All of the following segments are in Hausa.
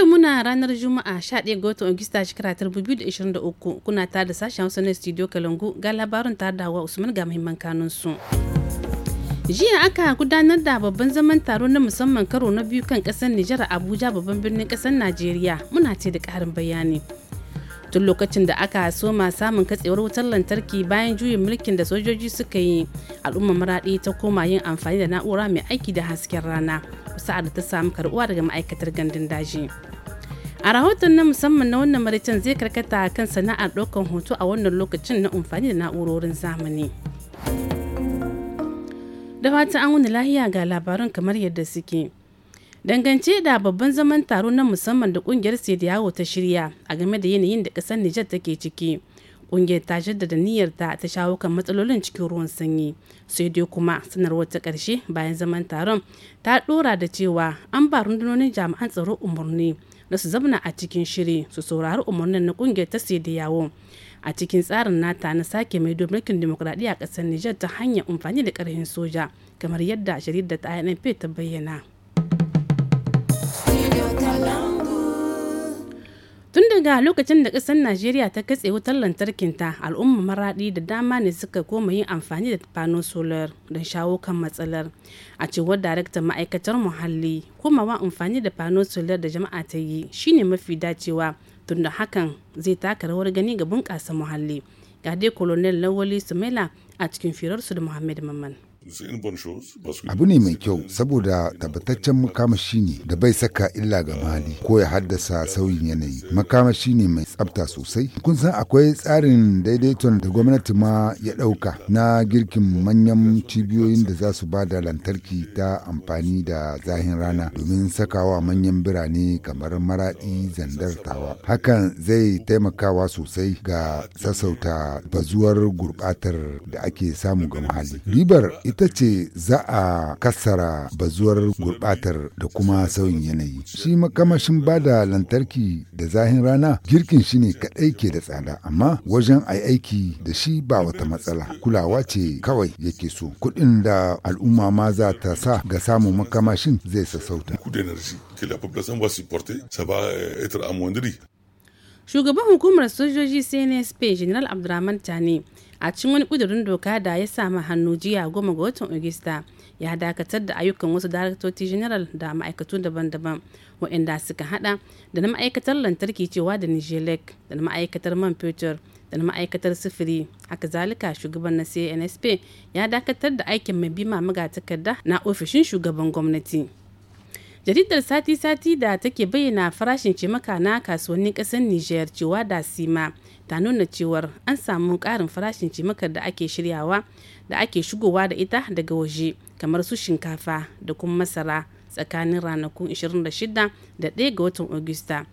Yau muna ranar Juma'a 11 ga watan Agusta shekara 2023 kuna tare da sashen Hausa na Studio Kalangu ga labarin tare da Hawa Usman ga muhimman kanun su. Jiya aka gudanar da babban zaman taro na musamman karo na biyu kan kasar Nijar Abuja babban birnin kasar Najeriya muna ce da karin bayani. tun lokacin da aka soma samun katsewar wutar lantarki bayan juyin mulkin da sojoji suka yi al'ummar maraɗi ta koma yin amfani da na'ura mai aiki da hasken rana sa'ar da ta samu karbuwa daga ma'aikatar gandun daji a rahoton na musamman na wannan maraicin zai karkata kan sana'ar ɗaukar hoto a wannan lokacin na amfani da na'urorin zamani da fata an wani lahiya ga labarun kamar yadda suke dangance da babban zaman taro na musamman da kungiyar sediyawo ta shirya a game da yanayin da kasar nijar take ciki kungiyar ta jaddada niyyarta ta shawo kan matsalolin cikin ruwan sanyi sai dai kuma sanarwar ta karshe bayan zaman taron ta dora da cewa an ba rundunonin jami'an tsaro umarni na su zamna a cikin shiri su saurari umarnin na kungiyar ta sediyawo a cikin tsarin nata na sake mai mulkin dimokuraɗiyya a ƙasar nijar ta hanyar amfani da ƙarfin soja kamar yadda shirin da ta inp ta bayyana ga lokacin da ƙasar najeriya ta katse wutar ta al'umma maraɗi da dama ne suka koma yin amfani da fano solar don shawo kan matsalar a cewar daraktan ma'aikatar muhalli komawa amfani da fano solar da jama'a ta yi shine mafi dacewa tunda hakan zai taka rawar gani ga bunƙasa muhalli ga dai colonel lawali Sumela a cikin firarsu da muhammad mamman Abu ne mai kyau saboda tabbataccen makamashi ne da bai saka illa ga mali ko ya haddasa sauyin yanayi. Makamashi ne mai tsabta sosai. Kun san akwai tsarin daidaiton da gwamnati ma ya ɗauka na girkin manyan cibiyoyin da za su ba da lantarki ta amfani da zahin rana domin sakawa manyan birane kamar maraɗi zandartawa. Hakan zai taimakawa sosai ga sassauta bazuwar gurɓatar da ake samu ga muhalli. Ribar ita ce za a kassara bazuwar gurbatar da kuma sauyin yanayi. Shi makamashin da lantarki da zahin rana girkin shi ne kaɗai ke da tsada amma wajen ai aiki da shi ba wata matsala kulawa ce kawai yake so kuɗin da al'umma ma za ta sa ga samun makamashin zai sassauta. Euh, Shugaban hukumar sojoji CNSP General Abdurrahman Tani a cikin wani kudurin doka da ya sami hannu jiya goma ga watan Agusta ya dakatar da ayyukan wasu daraktoci general da ma'aikatu daban-daban waɗanda suka hada da na ma'aikatar lantarki cewa da nijelek da na ma'aikatar man fetur da na ma'aikatar sufuri haka zalika shugaban na cnsp ya dakatar da aikin mai bima takarda na ofishin shugaban gwamnati jaridar sati-sati da take bayyana farashin cimaka na kasuwannin ƙasar niger cewa da sima ta nuna cewar an samu ƙarin farashin cimakar da ake shiryawa da ake shigowa da ita daga waje kamar su shinkafa da kuma masara tsakanin ranakun 26 da 1 ga watan Agusta.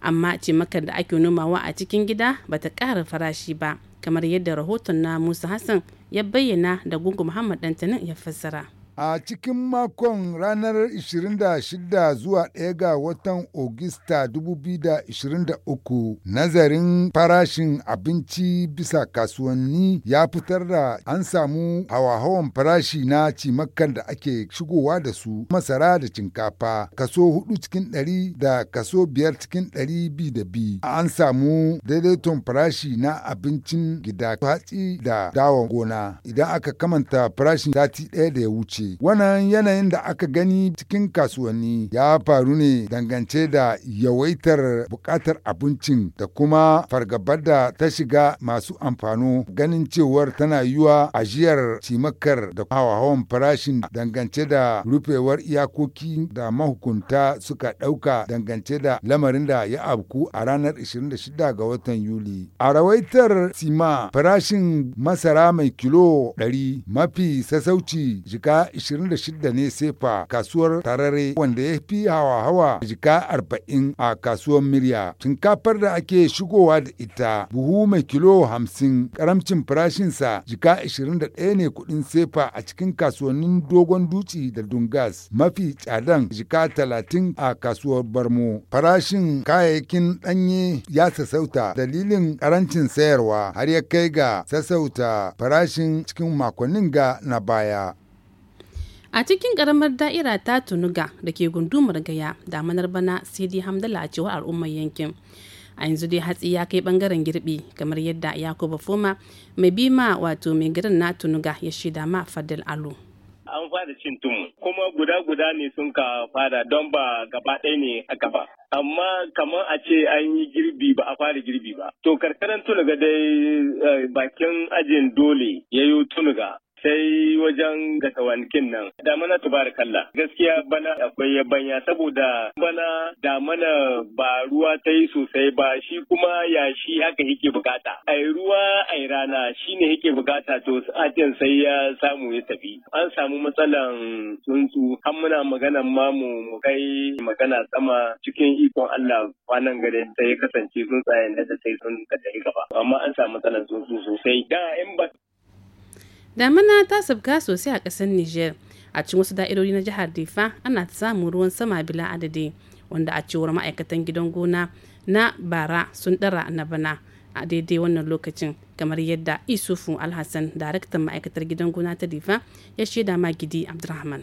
Amma cimakar da ake nomawa a cikin gida ba ta ƙara farashi ba, kamar yadda rahoton na Musa Hassan ya bayyana da Gungu Muhammad Dantanin ya fassara. A cikin makon ranar 26 zuwa 1 ga watan Ogista 2023, nazarin farashin abinci bisa kasuwanni ya fitar da an samu hawa-hawan farashi na cimakkan da ake shigowa da su masara da cinkafa kaso 4 cikin 100 da kaso 5 cikin 200 bi da bi. An samu daidaiton farashi na abincin gida hatsi da dawon gona idan aka kamanta farashin sati ɗaya da ya wuce. ce wannan yanayin da aka gani cikin kasuwanni ya faru ne dangance da yawaitar buƙatar abincin da kuma fargabar da ta shiga masu amfano ganin cewar tana yiwa ajiyar cimakar da hawa-hawan farashin dangance da rufewar iyakoki da mahukunta suka ɗauka dangance da lamarin da ya abku a ranar 26 ga watan Yuli. A rawaitar sima farashin masara mai kilo 100 mafi sassauci jika 26 ne sefa kasuwar tarare wanda ya fi hawa hawa jika 40 a kasuwar murya. Shinkafar da ake shigowa da ita buhu mai kilo 50 karamcin farashinsa jika 21 ne kuɗin sefa a cikin kasuwannin dogon duci da dungas mafi tsadan jika 30 a kasuwar barmo. Farashin kayayyakin ɗanye ya sassauta dalilin karancin sayarwa har ya kai ga sassauta farashin cikin makonnin ga na baya. a cikin karamar da'ira ta tunuga da ke gundumar gaya damanar bana sai dai hamdala a cewar al'ummar yankin a yanzu dai hatsi ya kai bangaren girbi kamar yadda yakuba foma mai bima wato mai garin na tunuga ya shaida ma fadil alu an fara cin tumu kuma guda guda ne sun ka fara don ba gaba ɗaya ne a gaba. amma kamar a ce an yi girbi ba a fara girbi ba to karkaran tunuga dai eh, bakin ajin dole ya yi tunuga sai wajen gatawankin nan damana kalla. gaskiya bana akwai yabanya saboda bana da mana ba ruwa ta yi sosai ba shi kuma yashi haka yake bukata ai ruwa ai rana shi ne yake bukata to sa'atin sai ya samu ya tafi an samu matsalan tsuntsu an muna maganan mamu mu kai magana sama cikin ikon Allah kwanan gare sai ya kasance tsuntsayen da sai sun ka gaba amma an samu matsalan tsuntsu sosai da in ba damina ta sabga sosai a ƙasar niger a cikin wasu da'irori na jihar difa ana samun ruwan sama bila adadi wanda a cewar ma'aikatan gidan gona na bara sun dara na bana a daidai wannan lokacin kamar yadda isufu alhassan daraktan ma'aikatar gidan gona ta difa ya shaida ma gidi abdurrahman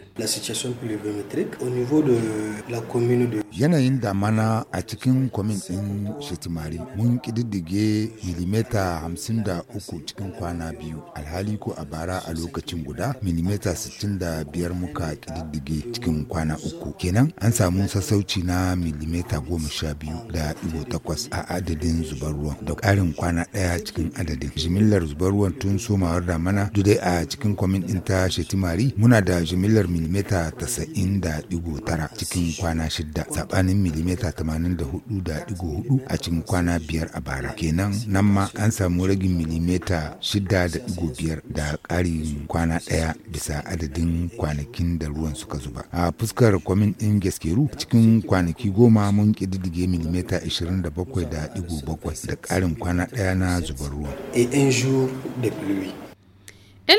yanayin damana a cikin kwamin ɗin shetimari mun kididdige milimeta hamsin da uku cikin kwana biyu alhali ko a bara a lokacin guda milimeta sittin da biyar muka kididdige cikin kwana uku kenan an samu sassauci na milimeta goma sha biyu da iwo takwas a adadin zubar ruwa da ƙarin kwana ɗaya cikin adadin din jimillar zubar ruwan tun somawar damana dudai a cikin kwamin din ta shetimari muna da jimillar milimeta tasa'in da digo tara cikin kwana shida sabanin milimeta tamanin da hudu da digo hudu a cikin kwana biyar a bara kenan nan ma an samu ragin milimeta shida da digo biyar da ƙarin kwana ɗaya bisa adadin kwanakin da ruwan suka zuba a fuskar kwamin din gaskeru cikin kwanaki goma mun ƙididdige milimeta ishirin da ƙarin kwana ɗaya na zubar ruwan et un jour de pluie. El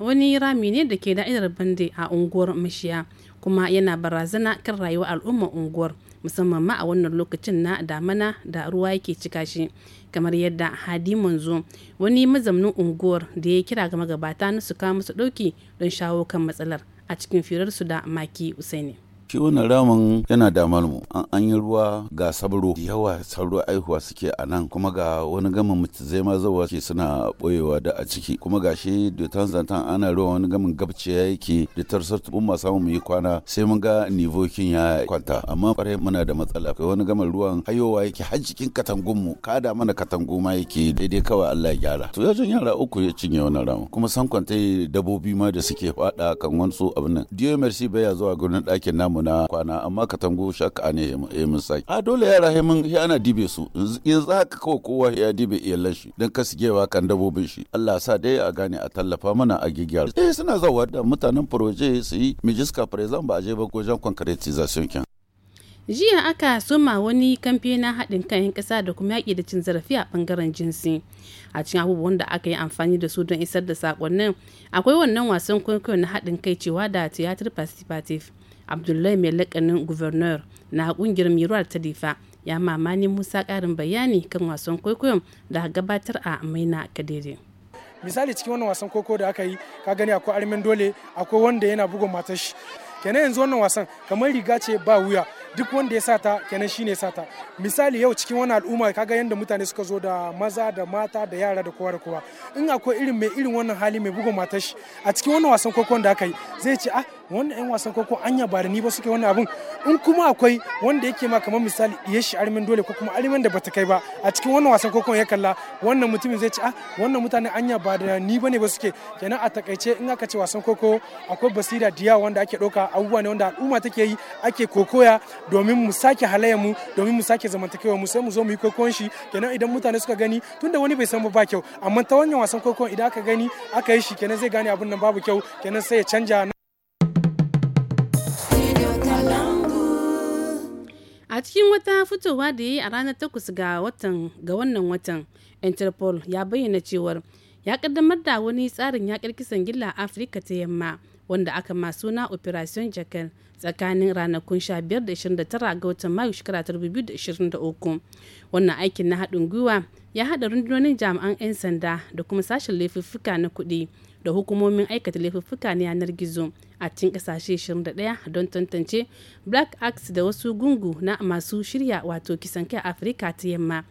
wani rami ne da ke da'idar bande a unguwar Mashiya kuma yana barazana kan rayuwar al'umma unguwar musamman ma a wannan lokacin na damana da ruwa yake cika shi kamar yadda Hadi Manzo wani mazamnin unguwar da ya kira ga magabata na su kawo musu ɗauki don shawo kan matsalar a cikin firarsu da Maki Usaini. shi wannan ramin yana damar mu an an yi ruwa ga sabro yawa sabro aihuwa suke a nan kuma ga wani gamin zai ma zawa ke suna boyewa da a ciki kuma ga shi da tanzantan ana ruwa wani gamin ya yake da tarsar tubun ma samu yi kwana sai mun ga nivokin ya kwanta amma kwarai muna da matsala kai wani gamin ruwan hayowa yake har cikin katangun mu kada mana katangu ma yake daidai kawai Allah ya gyara to yajin yara uku ya cinye wannan ramin kuma san kwantai dabobi ma da suke fada kan wani su abin nan dio merci baya zuwa gurin dakin namu na kwana amma katangu shakka ne ya mun saki a dole yara ya mun ya ana dibe su za ka kawo kowa ya dibe iyalan shi dan kasigewa kan dabobin shi Allah sa dai a gane a tallafa mana a gigiyar. eh suna zawa da mutanen proje su yi mijiska prezan ba a je ba gojan concretization kin jiya aka soma wani kamfe na haɗin kan 'yan ƙasa da kuma yaƙi da cin zarafi a ɓangaren jinsi a cikin abubuwan da aka yi amfani da su don isar da saƙonnin akwai wannan wasan kwaikwayo na haɗin kai cewa da tiyatar participative abdullahi mai lakanin guvernor na kungiyar miruwar ta difa ya mamani musa karin bayani kan wasan kwaikwayon da gabatar a maina kadere misali cikin wannan wasan koko da aka yi ka gani akwai armin dole akwai wanda yana bugun matar shi kenan yanzu wannan wasan kamar riga ce ba wuya duk wanda ya sata kenan shine ya sata misali yau cikin wani al'umma kaga yadda mutane suka zo da maza da mata da yara da kowa da kowa in akwai irin mai irin wannan hali mai bugun matar shi a cikin wannan wasan kokon da aka yi zai ce ah wanda yan wasan koko anya ba da ni ba suke wannan abin in kuma akwai wanda yake ma kamar misali ya shi armin dole ko kuma armin da bata kai ba a cikin wannan wasan koko ya kalla wannan mutumin zai ce ah wannan mutane anya ba da ni ba ne ba suke kenan a takaice in aka ce wasan koko akwai basira diya wanda ake ɗauka abubuwa ne wanda al'umma take yi ake kokoya domin mu sake halayen mu domin mu sake zamantakewa mu sai mu zo mu yi kokon shi kenan idan mutane suka gani tunda wani bai san ba ba kyau amma ta wannan wasan kwakwa idan aka gani aka yi shi kenan zai gane abin nan babu kyau kenan sai ya canja a cikin wata fitowa da ya yi a ranar takwas ga watan ga wannan watan interpol ya bayyana cewar ya kaddamar da wani tsarin yakar kisan gilla a afirka ta yamma wanda aka ma suna operation jackal tsakanin ranakun 15 da 29 ga watan mayu shekara 2023 wannan aikin na haɗin gwiwa ya haɗa rundunonin jami'an 'yan sanda da kuma sashen laifuffuka na kuɗi da hukumomin aikata laifuffuka na yanar gizo a cikin ƙasashe 21 don tantance black acts da wasu gungu na masu shirya wato kisan kai afirka ta yamma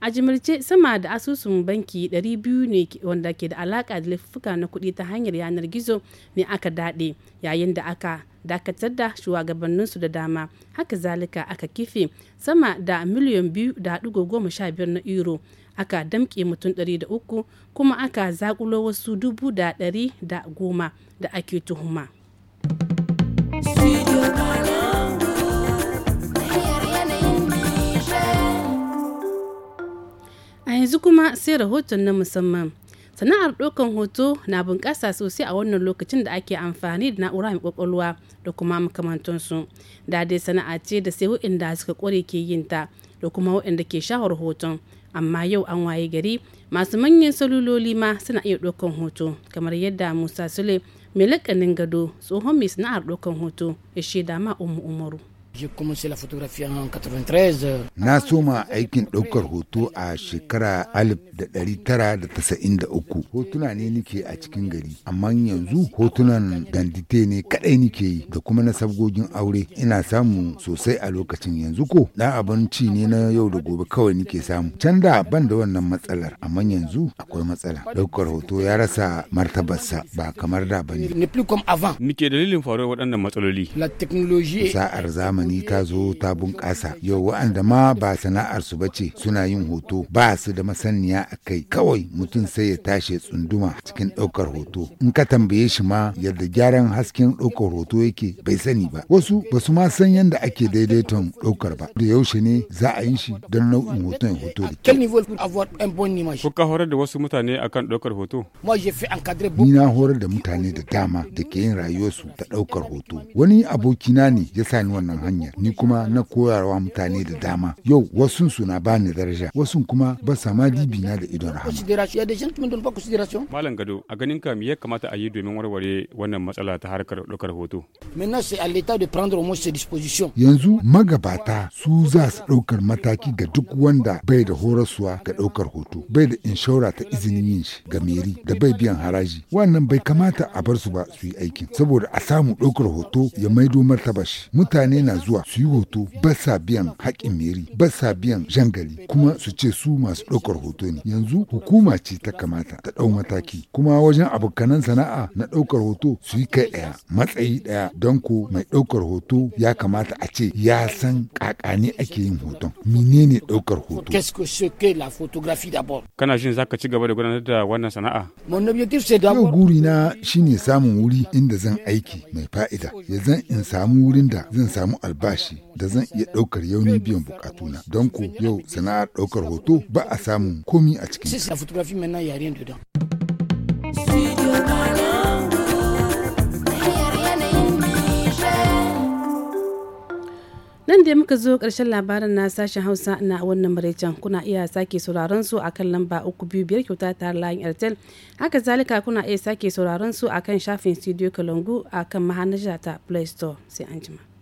a jimirce sama da asusun banki 200 ne wanda ke da alaka da laifuka na kuɗi ta hanyar yanar gizo ne aka daɗe yayin da aka dakatar da shugabanninsu da dama haka zalika aka kife sama da miliyan biyu da goma sha biyar na euro aka damƙe mutum ɗari da uku kuma aka zaƙulo wasu dubu da ɗari da goma da ake tuhuma. yanzu kuma sai rahoton na musamman sana'ar ɗaukan hoto na bunƙasa sosai a wannan lokacin da ake amfani da na'ura mai ƙwaƙwalwa da kuma makamantansu da dai sana'a ce da sai waɗanda suka ƙware ke yin ta da kuma waɗanda ke shahar hoton amma yau an waye gari masu manyan saluloli ma suna iya ɗaukan hoto kamar yadda musa sule mai laƙanin gado tsohon mai sana'ar ɗaukan hoto ya shaida ma umu umaru Na soma aikin ɗaukar hoto a shekara 1993. Hotuna ne nike a cikin gari, amma yanzu hotunan dandite ne kadai nike yi da kuma na sabgogin aure ina samu sosai a lokacin yanzu ko na abinci ne na yau da gobe kawai nike samu. Can da ban da wannan matsalar, amma yanzu akwai matsala. Ɗaukar hoto ya rasa martabarsa ba kamar da ba ne. Nike dalilin faruwar waɗannan matsaloli. Sa'ar zamani zamani ta zo ta bunƙasa yau wa'anda ma ba sana'ar su ce. suna yin hoto ba su da masaniya a kai kawai mutum sai ya tashi tsunduma cikin ɗaukar hoto in ka tambaye shi ma yadda gyaran hasken ɗaukar hoto yake bai sani ba wasu ba su ma san yadda ake daidaiton ɗaukar ba da yaushe ne za a yi shi don nau'in hoton ya hoto da kyau. ka horar da wasu mutane akan ɗaukar hoto? Ni na horar da mutane da dama da ke yin rayuwarsu ta ɗaukar hoto. Wani abokina ne ya sani wannan hanya. hanyar ni kuma na koyarwa mutane da dama yau wasu su na bani daraja wasu kuma ba sama dibi na da idon rahama malam gado a ganin ka ya kamata a yi domin warware wannan matsala ta harkar ɗaukar hoto yanzu magabata su za su ɗaukar mataki ga duk wanda bai da horaswa ga ɗaukar hoto bai da inshora ta izinin yin shi ga meri da bai biyan haraji wannan bai kamata a bar su ba su yi aikin saboda a samu ɗaukar hoto ya maido martaba shi mutane na zuwa su yi hoto ba sa biyan haƙin meri ba sa biyan jangali kuma su ce su masu ɗaukar hoto ne yanzu hukuma ce ta kamata ta ɗau mataki kuma wajen abokanan sana'a na ɗaukar hoto su yi kai ɗaya matsayi ɗaya don ko mai ɗaukar hoto ya kamata a ce ya san ƙaƙani ake yin hoton menene ɗaukar hoto kana shin ka ci gaba da gudanar da wannan sana'a yau guri na shine samun wuri inda zan aiki mai fa'ida ya zan in samu wurin da zan samu albashi da zan iya ɗaukar yauni biyan bukatuna don ko yau sana'ar ɗaukar hoto ba a samun komi a cikin nan da muka zo ƙarshen labarin na sashen hausa na wannan maraicen kuna iya sake sauraron su akan lamba uku biyu biyar kyauta ta layin airtel haka zalika kuna iya sake sauraron su akan shafin studio kalangu akan mahanaja ta play store sai an jima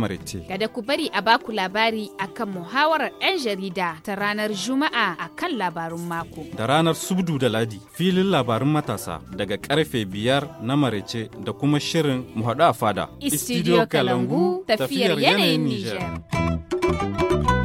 maraice. Kada ku bari a baku labari akan muhawarar 'yan jarida ta ranar Juma'a akan labarun mako. Da ranar Subdu da Ladi filin labarun matasa daga karfe biyar na maraice da kuma shirin haɗu a fada. Istidiyo Kalangu tafiyar yanayin Nijar.